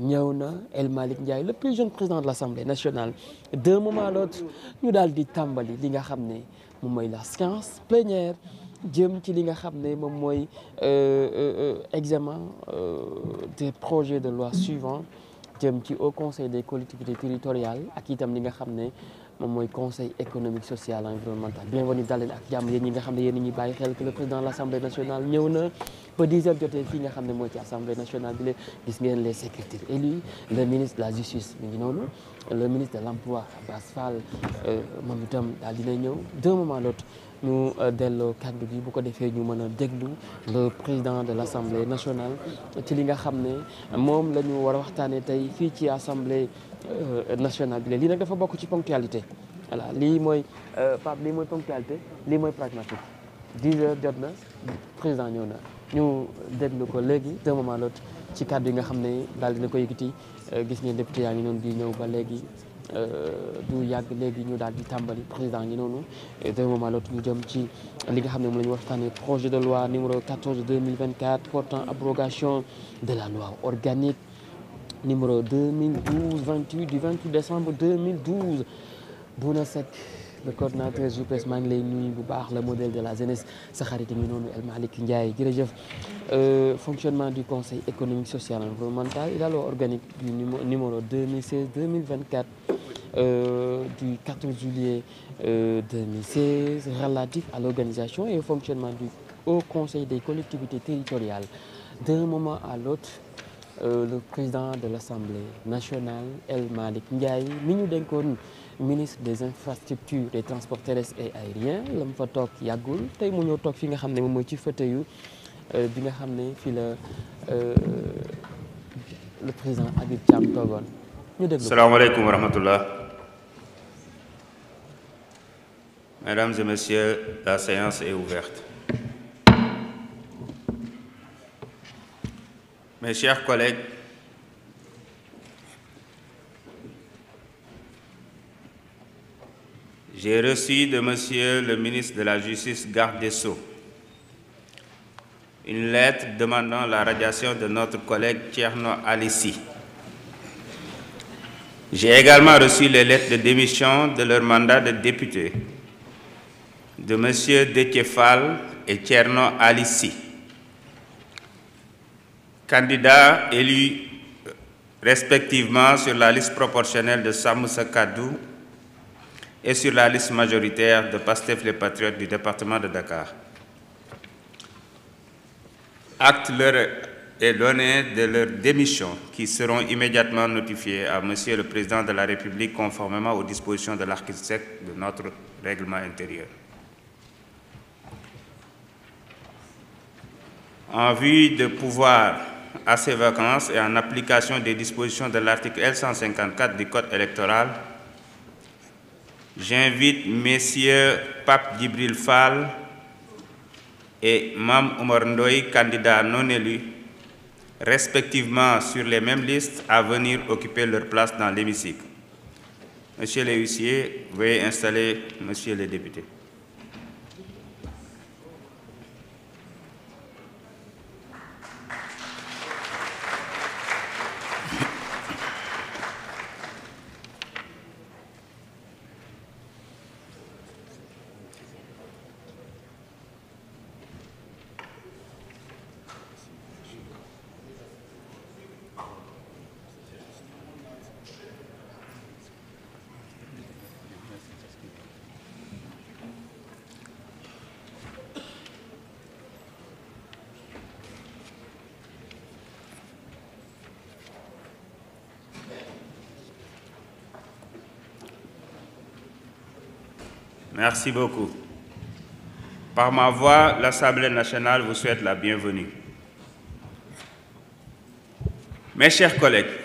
ñëw na El Malick Ndiaye le plus jeune président de l'Assemblée nationale d'un moment à l'autre ñu daal di tàmbali li nga xam ne moom mooy la séance plénière jëm ci li nga xam ne moom mooy euh, euh, examen euh, des projets de loi suivants jëm ci au conseil des collectivités territoriales ak itam li nga xam ne moom mooy conseil économique social environnemental bienvenue dal leen ak jàmm yéen ñi nga xam ne yéen ñuy bàyyi xel que le président de l'Assemblée nationale na xam ne mooy ci Assemblée nationale bi la gis ngeen les secrétaires élus le ministre de la justice mi ngi noonu le ministre de l'emploi Abass Fall euh, moom itam daal dina ñëw deux moments l'autre ñu euh, delloo kàddu gi bu ko defee ñu mën a déglu le président de l'Assemblée nationale ci li nga xam ne moom la ñu war a waxtaanee tey fii ci Assemblée euh, nationale bi la lii nag dafa bokk ci ponctualité voilà lii mooy euh, Pape lii mooy ponctualité lii mooy pragmatique 10 heures jot na président ñëw na ñu déglu ko léegi d'un moment à ci kàddu yi nga xam ne daal dina ko yëkkati euh, gis ngeen député yaa ngi noonu di ñëw ba léegi euh, du yàgg léegi ñu daal di tàmbali président ngi noonu d'un moment à ñu jëm ci li nga xam ne moom la ñu waxtaanee projet de loi numéro 14 2024 portant abrogation de la loi organique numéro 2012 28 du 28 décembre 2012 Bouna Seck le coordinateur JPS maa ngi lay nuyu bu baax la modèle de la jeunesse sa xarit ngi noonu El Malick Ndiaye jërëjëf euh, fonctionnement du conseil économique social environnemental et la loi organique du numéro 2016 2024 Euh, du 14 juillet euh, 2016 relatif à l'organisation et au fonctionnement du Conseil des collectivités territoriales. D'un moment à l'autre, euh, le président de l'Assemblée nationale, El Malick Ndiaye, mi ñu ministre des infrastructures des transports terrestres et aériens la mu fa toog yàggul tey mu ñëw toog fi nga xam ne moom mooy ci fauteuil euh, bi nga xam ne fii la euh, le président Habib Thiam toogoon ñu déglu salaamaaleykum wa rahmatullah mesdames et messieurs la séance est ouverte mes chers collègues j'ai reçu de Monsieur le ministre de la Justice, garde des Sceaux, une lettre demandant la radiation de notre collègue Tcherno Alissi. J'ai également reçu les lettres de démission de leur mandat de député de Monsieur Dekefal et Tcherno Alissi, candidats élus euh, respectivement sur la liste proportionnelle de Samoussa Kadou et sur la liste majoritaire de PASTEF les Patriotes département de Dakar. Acte leur de leur démission qui seront immédiatement notifiées à Monsieur le Président de la République conformément aux de l'article 7 de notre règlement intérieur. de pouvoir à ces vacances et en application des dispositions de l'article L154 du J'invite messieurs Pape Djibril Fall et Mam Omar Ndoye, candidats non élus, respectivement sur les mêmes listes, à venir occuper leur place dans l'hémicycle. Monsieur les huissiers, veuillez installer monsieur les députés. Merci beaucoup. Par ma voix, l'Assemblée nationale vous souhaite la bienvenue. Mes chers collègues,